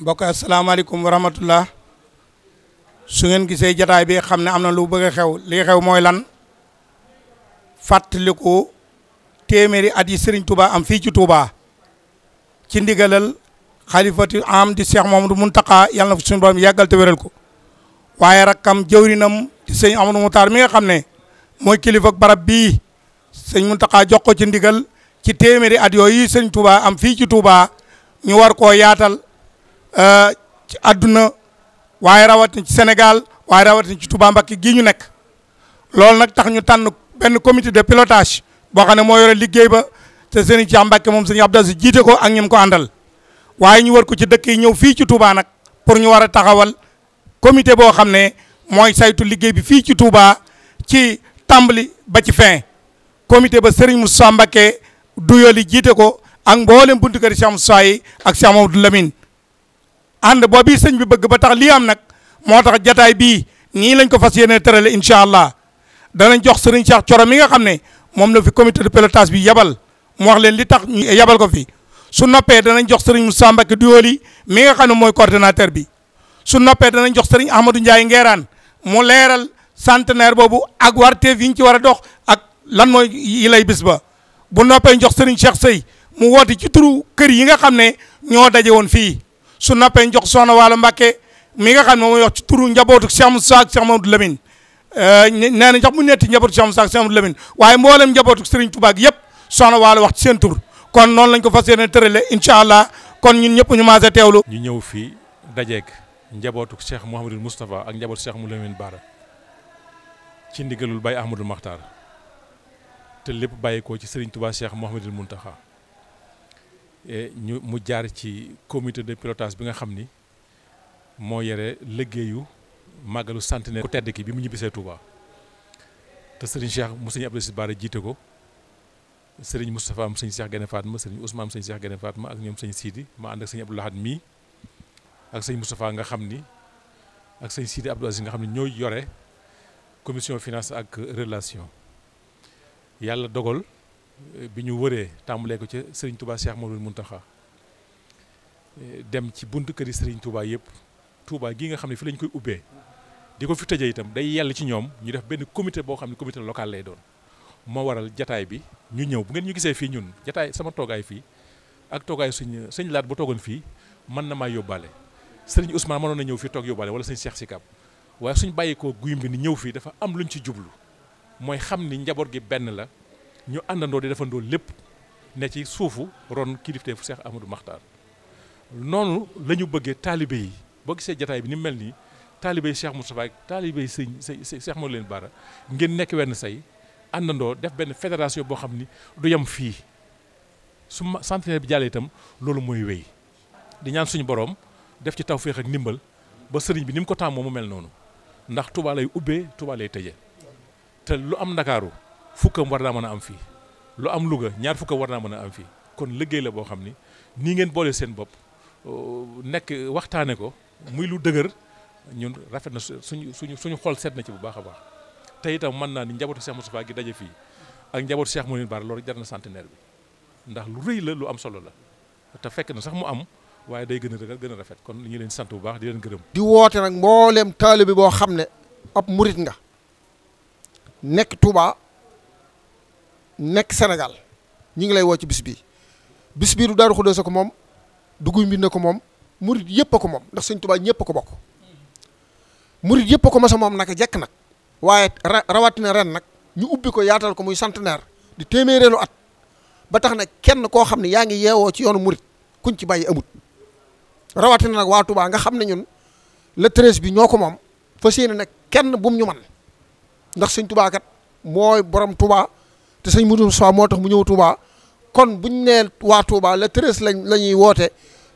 mbokk asalaamaaleykum wa rahmatullah su ngeen gisee jataay bi xam ne am na lu bëgg a xew li xew mooy lan fàttaliku téeméeri at yi Serigne Touba am fii ci Touba ci ndigalal xalifatu am di Cheikh Mamadou Mountakha yàlla na fi suñu borom ko waaye rakkam jëwrinam di sëñ Amadou Moutar mi nga xam ne mooy kilifa barab bii sëñ Mountakha jox ko ci ndigal ci téeméeri at yooyu Serigne Touba am fii ci Touba ñu war ko yaatal Euh, ci àdduna waaye rawatin ci Sénégal waaye rawatin ci Touba Mbacké gii ñu nekk loolu nag tax ñu tànn benn comité de pilotage boo xam ne moo yore liggéey ba te Serigne ci Mbacké moom Serigne Abdou Aziz jiite ko ak ñim ko àndal waaye ñu war ko ci dëkk yi ñëw fii ci Touba nag pour ñu war a taxawal comité boo xam ne mooy saytu liggéey bi fii ci Touba ci tàmbali ba ci fin comité ba Serigne Moussa Mbacké du yooli jiite ko ak mboolem buntu kër Cheikh Moussa yi ak Cheikh Mamadou Lamine ànd boo bii sëñ bi bëgg ba tax lii am nag moo tax jataay bii nii lañ ko fas yéene tërale incha allah danañ jox sëriñ Cheikh Thioro mi nga xam ne moom la fi comité de pilotage bi yabal mu wax leen li tax ñu yabal ko fi su noppee danañ jox sëriñ Moussa Mbacke Dioli mi nga xam ne mooy coordonnateur bi su noppee danañ jox sëriñ Ahmadou Ndiaye Ngeeraan mu leeral centenaire boobu ak warteef yi ñu ci war a dox ak lan mooy lay bis ba bu noppee jox sëriñ Cheikh Sey mu woote ci turu kër yi nga xam ne ñoo daje woon fii su noppee njox soxna Waalo Mbàkke mi nga xam ne moom wax ci turu njabootu Cheikh Moussa ak Cheikh Mamadou Lamine euh, nee na sax mu netti njabootu Cheikh Moussa waaye mboolem njabootu Serigne Touba gi yëpp soxna Waalo wax ci seen tur kon noonu lañ ko fas yéene tërale incha allah kon ñun ñëpp ñu maase teewlu. ñu ñëw fii dajeeg njabootu Cheikh Mouhamadou Moustapha ak njabootu Cheikh Mamadou Lamine Bara ci ndigalul Baye Ahmadou te lépp bàyyi ko ci Serigne Touba Cheikh Mouhamadou Mountakha ñu mu jaar ci comité de pilotage bi nga xam ni moo yore liggéeyu màggalu centenaire ku tedd ki bi mu see Touba te Serigne Cheikh mu Serigne Abdou Aziz Bara jiite ko Serigne Moustapha mu Serigne Cheikh Gene Fatma Serigne Ousmane mu Serigne Cheikh Gene ak ñoom Serigne Sidi ma ànd ak Serigne mii ak Serigne Moustapha nga xam ni ak Serigne Sidi Aziz nga xam ni ñooy yore commission finance ak relation yàlla dogal. bi ñu wëree tàmbalee ko ca Serigne Touba Cheikh mun taxa dem ci bunt kër yi Serigne Touba yëpp Touba gi nga xam ne fi lañ koy ubbee di ko fi tëjee itam day yell ci ñoom ñu def benn comité boo xam ne comité local lay doon moo waral jataay bi ñu ñëw bu ngeen ñu gisee fii ñun jataay sama toogaay fii ak toogaay suñ sëñ laat bu toogoon fii mën na maa yóbbaale Serigne Ousmane mënoon na ñëw fii toog yóbbaale wala seex Cheikh Sikab waaye suñ bàyyi ko guyum bi ni ñëw fii dafa am luñ ci jublu mooy xam ni njaboot gi benn la ñu àndandoo di defandoo lépp ne ci suufu ron kilifteefu Seex Ahmadou Maxtaar noonu la ñu bëggee taalibe yi boo gisee jataay bi ni mu mel nii taalibe yi Cheikh Moustapha ak taalibe yi sëñ sëñ Cheikh leen baara ngeen nekk wenn say àndandoo def benn fédération boo xam ni du yem fii su ma centenaire bi jàllee itam loolu mooy wéy di ñaan suñu boroom def ci tawféex ak ndimbal ba sëriñ bi ni mu ko tàmmoo mu mel noonu ndax Touba lay ubbee Touba lay te lu am Ndakaaru fukkam war naa mën a am fii lu am Louga ñaar fukkam war naa mën a am fii kon liggéey la boo xam ni nii ngeen boole seen bopp euh, nekk waxtaane ko muy lu dëgër ñun rafet na suñu suñu suñu xol seet na ci bu baax a baax te itam mën naa ni njabootu Cheikh subaa gi daje fii ak njabootu seex Cheikh Mounir bari loolu jar na centenaire bi ndax lu rëy la lu am solo la te fekk na sax mu am waaye day gën a dëgër gën a rafet kon ñu ngi leen sant bu baax di leen gërëm. di woote nag mbooleem taalibe bi boo xam ne ab murit nga nekk Touba. nekk senegal ñu ngi lay woo ci bis bii bis bii du Daaru Xudoos ko moom du Guy Mbind ko moom murit yëpp a ko moom ndax Sëñ ñëpp ko bokk murit yëpp a ko moom naka jekk nag waaye rawatina ren nag ñu ubbi ko yaatal ko muy centenaire di téeméereelu at ba tax na kenn koo xam ne yaa ngi yeewoo ci yoonu murit kuñ ci bàyyi amut rawatina nag waa nga xam ne le treize bi ñoo ko moom fas yéene nag kenn bum ñu man ndax Sëñ Tuubaa mooy borom Touba te sëñ Modou Moustapha moo tax mu ñëw Touba kon bu ñu nee waa Touba le treize lañ la ñuy woote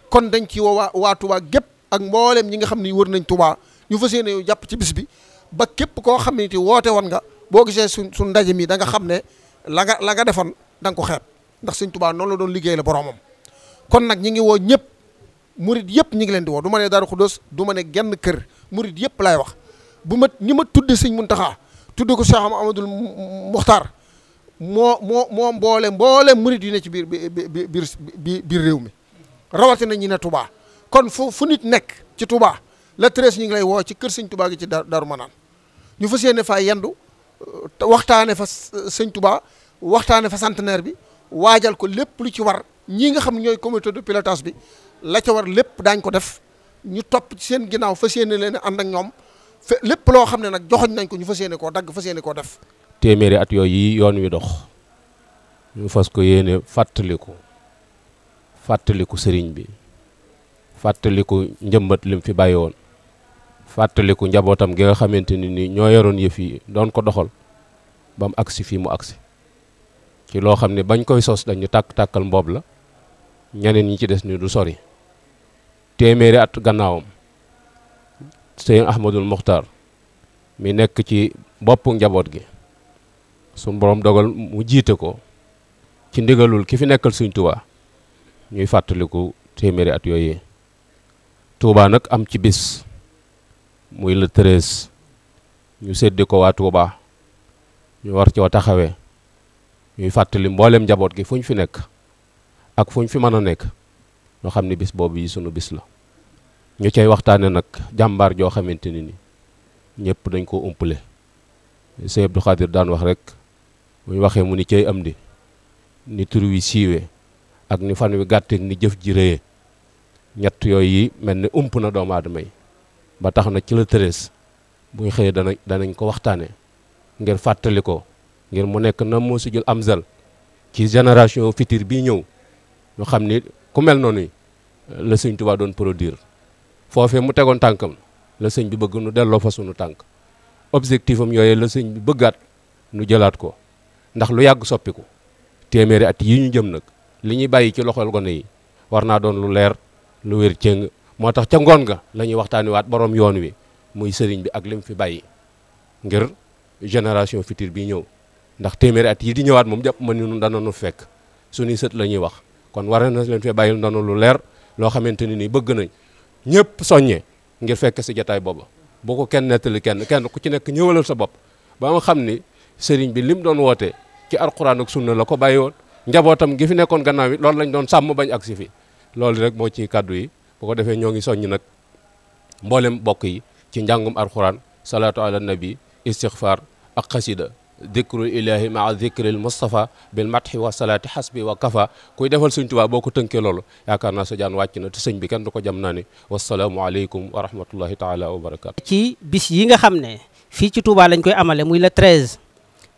kon dañ ci woo waa waa Touba gépp ak mbooleem ñi nga xam ne wër nañ Touba ñu fas yéene yow jàpp ci bis bi ba képp koo xam ne ti woote woon nga boo gisee suñ suñ ndaje mi da nga xam ne la nga la nga defoon da ko xeeb ndax sëñ Touba noonu la doon liggéey la boromam kon nag ñi ngi woo ñëpp murit yëpp ñi ngi leen di woo du ma ne Daaru Xuddoos du ma ne genn kër murit yëpp laay wax bu ma ñi ma tudde sëñ Muntaxa tudde ko Cheikh Amadou Mokhtar moo moo moo mboole mboole murit yi ne ci biir biir biir biir réew mi rawatina ñi ne Touba kon fu fu nit nekk ci Touba la treize ñi ngi lay woo ci kër sëñ Touba gi ci Darou Manane ñu fas yéene faa yendu waxtaane fa sëñ Touba waxtaane fa centenaire bi waajal ko lépp lu ci war ñii nga xam ñooy comité de pilotage bi la ca war lépp daañ ko def ñu topp ci seen ginnaaw fas yéene leen ànd ak ñoom fe lépp loo xam ne nag joxoñ nañ ko ñu fas yéene koo dagg fa yéene koo def téeméeri at yooyu yi yoon wi dox ñu fas ko yéene fàttaliku fàttaliku sëriñ bi fàttaliku njëmbat lim fi bàyyi woon fàttaliku njabootam gi nga xamante ni ni ñoo yoroon yëf yi doon ko doxal ba mu agsi fii mu agsi ci loo xam ne bañ koy sos dañu tàkk-tàkkal mboob la ñeneen ñi ci des ni du sori téeméeri at gannaawam sëñ Ahmadul Muxtaar mi nekk ci boppu njaboot gi suñ borom dogal mu jiite ko ci ndigalul ki fi nekkal suñ tubaa ñuy fàttaliku téeméeri at yooyu tuubaa nag am ci bis muy le treize ñu séddi ko waa tuubaa ñu war coo taxawee ñuy fàttali mbooleem njaboot gi fu fi nekk ak fu fi mën a nekk ñoo xam ne bis boobu yi sunu bis la ñu cay waxtaane nag jàmbaar joo xamante ni ni ñëpp dañ ko umpale Sëñ Abdou Khadir daan wax rek bu ñu waxee mu ni cey am di ni tur wi siiwee ak ni fan wi gàtteeg ni jëf ji rëyee ñett yooyu yi mel ni ump na doomu aadama yi ba tax na ci la tërees bu ñu xëyee danañ danañ ko waxtaanee ngir fàttali ko ngir mu nekk na moo sujul amsal ci génération future bii ñëw ñu xam ni ku mel noonu la sëñ Tuubaa doon produire foofee mu tegoon tànkam la sëñ bi bëgg nu delloo fa sunu tànk objectif am yooyu la sëñ bi bëggaat nu jëlaat ko. ndax lu yàgg soppiku téeméeri at yi ñu jëm nag li ñuy bàyyi ci loxol gone yi war naa doon lu leer lu wér cëng moo tax ca ngoon ga la ñuy waat borom yoon wi muy sëriñ bi ak lim fi bàyyi ngir génération future bii ñëw ndax téeméeri at yi di ñëwaat moom jàpp ma ni ñun danañu fekk suñuy sët la ñuy wax kon war na leen bàyyi bàyyil ndonu lu leer loo xamante ni nii bëgg nañ ñëpp soññe ngir fekk si jataay booba boo ko kenn nettali kenn kenn ku ci nekk ñëwalal sa bopp sëriñ bi lim doon woote ci alxuraan ak sunna la ko bàyyi woon njabootam gi fi nekkoon gannaaw bi loolu lañ doon sàmm bañ agsi fi loolu rek moo ci kàddu yi bu ko defee ñoo ngi soññ nag mboolem bokk yi ci njàngum alxuraan salaatu ala nabi istixfar ak xasida dikru ilahi maa dikril mustafa bil mathi wa salaati hasbi wa kafa kuy defal suñ tubaa boo ko tënkee loolu yaakaar naa sa jaan wàcc na te sëñ bi kenn du ko jam naa ne wasalaamu aleykum wa rahmatullahi taala wa barakatu ci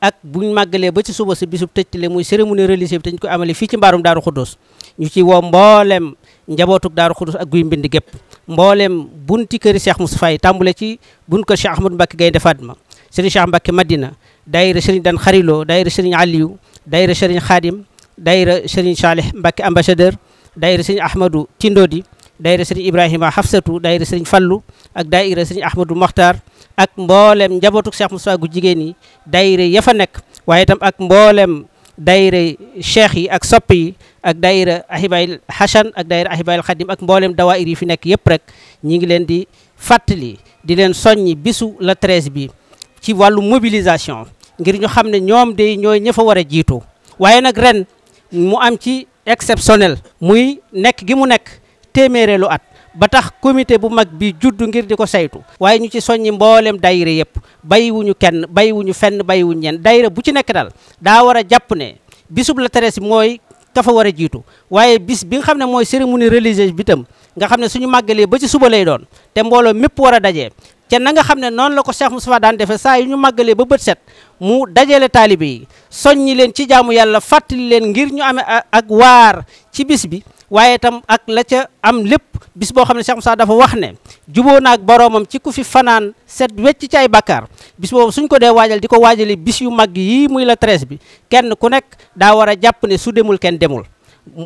ak buñ màggalee ba ci suba si bisub le muy cérémonie religieuse bi te ñu ko amalee fii ci mbaarum daaru xuddoos ñu ci woo mboolem njabootuk daaru xuddoos ak guy mbind gépp mboolem bunti këri Cheikh Moustapha yi tàmbale ci bunt kër Cheikh Ahmadou Mbacke Gaynde Fatma sëriñ Cheikh Mbacke Madina daayira sëriñ Dan Xarilo daayira sëriñ Aliou daayira sëriñ Xaadim daayira sëriñ Salih Mbacke ambassadeur daayira sëriñ Ahmadou Tindodi daayira sëriñ Ibrahima Hafsatu daayira sëriñ Fallu ak daayira sëriñ Ahmadou Mokhtar ak mboolem njabootuk Cheikh mu gu jigéen yi daayira ya fa nekk waaye tam ak mboolem daayira cheikh yi ak sopp ak daayira Ahibayil Hasan ak daayira Ahibayil Xadim ak mboolem dawaayir yi fi nekk yëpp rek ñi ngi leen di fàttali di leen soññi bisu la treize bi ci wàllu mobilisation ngir ñu xam ne ñoom de ñooy ña fa war a jiitu waaye ren mu am ci exceptionnel muy nekk gi mu nekk téeméereelu at ba tax comité bu mag bi judd ngir di ko saytu waaye ñu ci soññi mboolem dayira yëpp bàyyiwuñu kenn bàyyiwuñu fenn bàyyiwuñu ñenn dayre bu ci nekk daal daa war a jàpp ne bisub la treize mooy dafa war a jiitu waaye bis bi xam ne mooy cérémonie religieuse bi tam nga xam ne suñu màggalee ba ci suba lay doon te mbooloo mépp war a dajee te nga xam ne noonu la ko Cheikh Moustapha daan defee saa yu ñu màggalee ba bët set mu dajale taalibe yi soññi leen ci jaamu yàlla fàttali leen ngir ñu amee ak waar ci bis bi waaye itam ak la ca am lépp bis boo xam ne Cheikh Moussa dafa wax ne juboo naag boroomam ci ku fi fanaan set wecc ci ay bakkaar bis boobu suñ ko dee waajal di ko waajalee bis yu mag yii muy la treize bi kenn ku nekk daa war a jàpp ne su demul kenn demul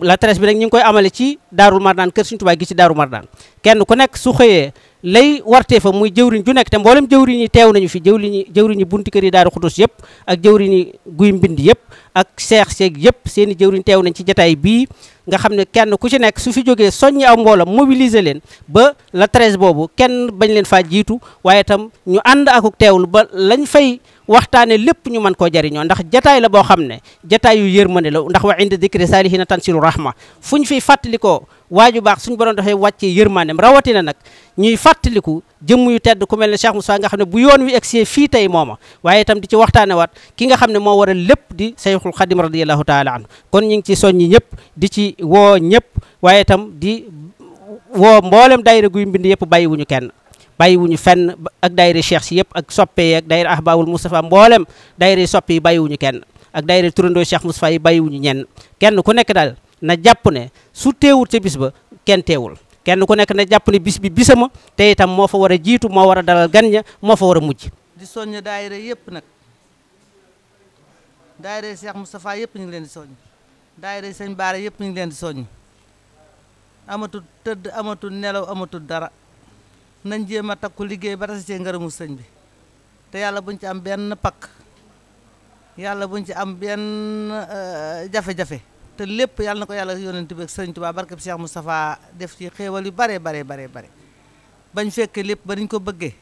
la treize bi nag ñu ngi koy amalee ci Daarul Marnaan kër Sëriñ Tuubaa gi ci Daarul Marnaan kenn ku nekk su xëyee lay wartee fa muy jëwriñ ju nekk te mboolam jëwriñ yi teew nañu fi jëwriñi jëwriñi bunti kër yi daaru xudus yëpp ak jëwriñi guy mbind yëpp ak seex seeg yëpp seen i jëwriñ teew nañ ci jataay bii nga xam ne kenn ku ci nekk su fi jógee soññi aw mboolam mobiliser leen ba la treize boobu kenn bañ leen faa jiitu waaye itam ñu ànd akuk teewlu ba lañ fay waxtaane lépp ñu mën koo jariñoo ndax jataay la boo xam ne jataay yu yërmande la ndax wa inda dikri saalihiina tansilu rahma fu ñu fiy fàttalikoo waaju baax suñu borom dafay wàccee yërmandeem rawatina nag ñuy fàttaliku jëmm yu tedd ku mel ne Cheikh Moussa nga xam ne bu yoon wi egsee fii tey mooma waaye tam di ci waxtaane waat ki nga xam ne moo waral lépp di Seyxul Xadim radiyallahu taala anhu kon ñu ngi ci soññi ñëpp di ci woo ñëpp waaye tam di woo mboolem daayira guy yëpp bàyyiwuñu kenn bàyyiwuñu fenn ak daayira cheikh si yëpp ak soppe yi ak daayira ahbaabul Moustapha mboolem daayira yi soppe yi bàyyiwuñu kenn ak daayira turandoo cheikh Moustapha yi bàyyiwuñu ñenn kenn ku nekk daal na jàpp ne su teewul ca bis ba kenn teewul kenn ku nekk na jàpp ne bis bi bisama te itam moo fa war a jiitu moo war a dalal gan moo fa war a mujj. di soññ daayira yëpp nag daayira Cheikh Moustapha yëpp ñu ngi leen di soññ daayira sëñ Baara yëpp ñu ngi leen di soññ amatul tëdd amatul nelaw amatul dara nañ jéem a takku liggéey ba tase cee ngërëmu sëñ bi te yàlla buñ ci am benn pakk yàlla buñ ci am benn euh, jafe-jafe te lépp yàlla na ko yàlla yónent bi ak sëñ Tuubaa barkeb Cheikh Moustapha def ci xéewal yu bare bare bare bare bañ fekkee lépp ba niñ ko bëggee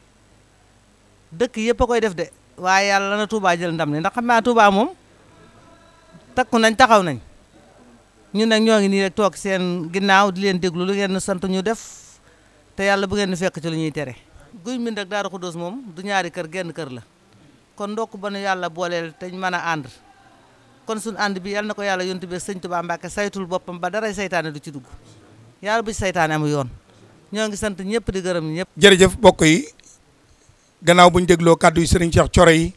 dëkk yëpp a koy def de waaye yàlla na Touba jël ndam ne ndax xam naa Touba moom takku nañ taxaw nañ ñun nag ñoo ngi nii rek toog seen ginnaaw di leen déglu lu ngeen sant ñu def te yàlla bu ngeen di fekk ci lu ñuy tere guy mbind ak Daaru Xuddoos moom du ñaari kër genn kër la kon ndokk ba nu yàlla booleel te mën a ànd kon suñu ànd bi yal na ko yàlla yontu bi sëñ Tuubaa Mbàkke saytul boppam ba dara saytaane du ci dugg yàlla bu ci saytaane amu yoon ñoo ngi sant ñëpp di gërëm ñëpp. jërëjëf mbokk yi gannaaw bu ñu dégloo kàddu yi sëriñ Cheikh Thioro yi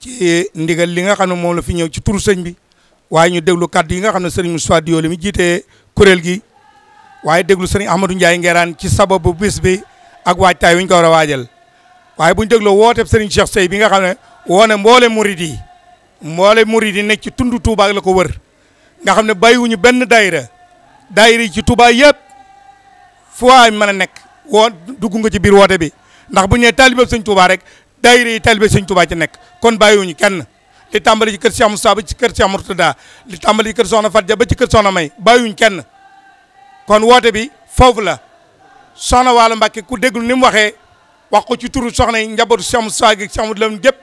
ci ndigal li nga xam ne moom la fi ñëw ci turu sëñ bi waaye ñu déglu kàddu yi nga xam ne sëriñ Moustapha Diop mi jiite kuréel gi. waaye déglu sëriñ Ahmadou Ndiaye Nguerane ci sababu bis bi ak waajtaay wi ñu ko war a waajal waaye bu ñu dégloo wooteeb sëriñ Cheikh Sey bi nga xam ne woone na mboole murid yi mboole murid yi nekk ci tund Touba la ko wër nga xam ne bàyyiwuñu benn daayira daayira yi ci Touba yëpp fu waay mën a nekk woo dugg nga ci biir woote bi ndax bu ñu nee taalibe sëñ rek daayira yi taalibe sëñ Touba ci nekk kon bàyyiwuñu kenn li tàmbali ci kër Cheikh Moussa ba ci kër Cheikh Mourtada li tàmbali ci kër Soxna Fatia ba ci kër Soxna May bàyyiwuñu kenn kon woote bi foofu la soxna Waalo Mbàkke ku déglu ni mu waxee wax ko ci turu soxna yi njabootu Cheikh Moussa gi Cheikh Moussa gépp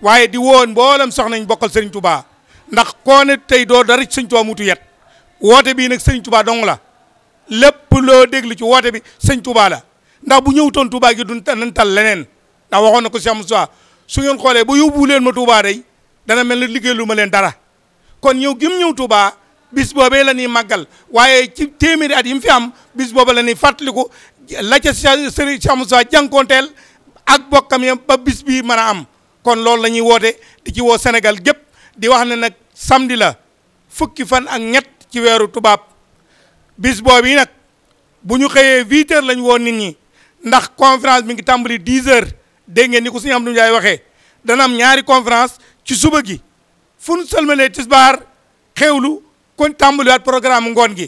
waaye di woon mboolem soxna ñu bokkal Serigne Touba ndax koo tey doo dara ci Serigne mutu yet woote bii nag Serigne Touba dong la lépp loo déglu ci woote bi Serigne Touba la ndax bu ñëwutoon Touba gi duñ nañ tal leneen ndax waxoon na ko Cheikh Moussa su ngeen xoolee ba yóbbu leen ma Touba dana mel ne liggéey lu ma leen dara kon ñëw gim ñëw bis boobee la ñuy màggal waaye ci téeméeri at yi mu fi am bis booba la ñuy fàttaliku la ca sëriñ Cheikh Moussa jànkoonteel ak bokkam yam ba bis bii mën am kon loolu la ñuy woote di ci woo Sénégal gépp di wax ne nag samedi la fukki fan ak ñett ci weeru tubaab bis boobu yi nag bu ñu xëyee huit la ñu woo nit ñi ndax conférence mi ngi tàmbali dix heures dégg ngeen ni ko suñu am du Njaay waxee dana am ñaari conférence ci suba gi fu nu sëlmalee tisbaar xewlu kon tàmbaliwaat programme ngoon gi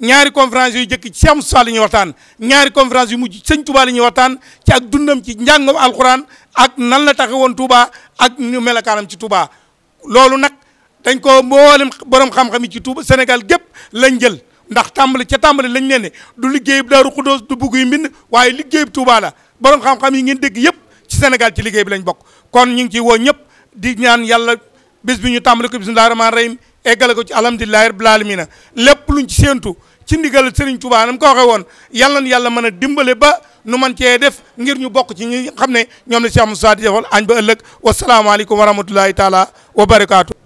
ñaari conférence yu jëkk ci Cheikh Moussa la ñuy waxtaan ñaari conférence yu mujj sëñ Touba la ñuy waxtaan ci ak dundam ci njàngam alxuraan ak nan la taxe woon Touba ak ñu melakaanam ci Touba loolu nag dañ ko mboolem borom xam-xam yi ci Touba Sénégal gépp lañ jël ndax tàmbali ca tàmbali lañ leen ne du liggéeyub Daaru Xuddoos du bugg yu mbind waaye liggéeyub Touba la borom xam yi ngeen dégg yëpp ci Sénégal ci liggéey bi lañ bokk kon ñu ngi ciy woo ñëpp di ñaan yàlla bés bi ñu tàmbali ko bismillaahi rahmaani eggale ko ci alhamdulillahi rabbil alamina lépp luñ ci séentu ci ndigal Serigne Touba nam ko waxee woon yàlla na yàlla mën a dimbale ba nu man cee def ngir ñu bokk ci ñi xam ne ñoom la Cheikh Moussa di defal añ ba ëllëg wasalaamaaleykum wa rahmatullahi taala wa barakaatu.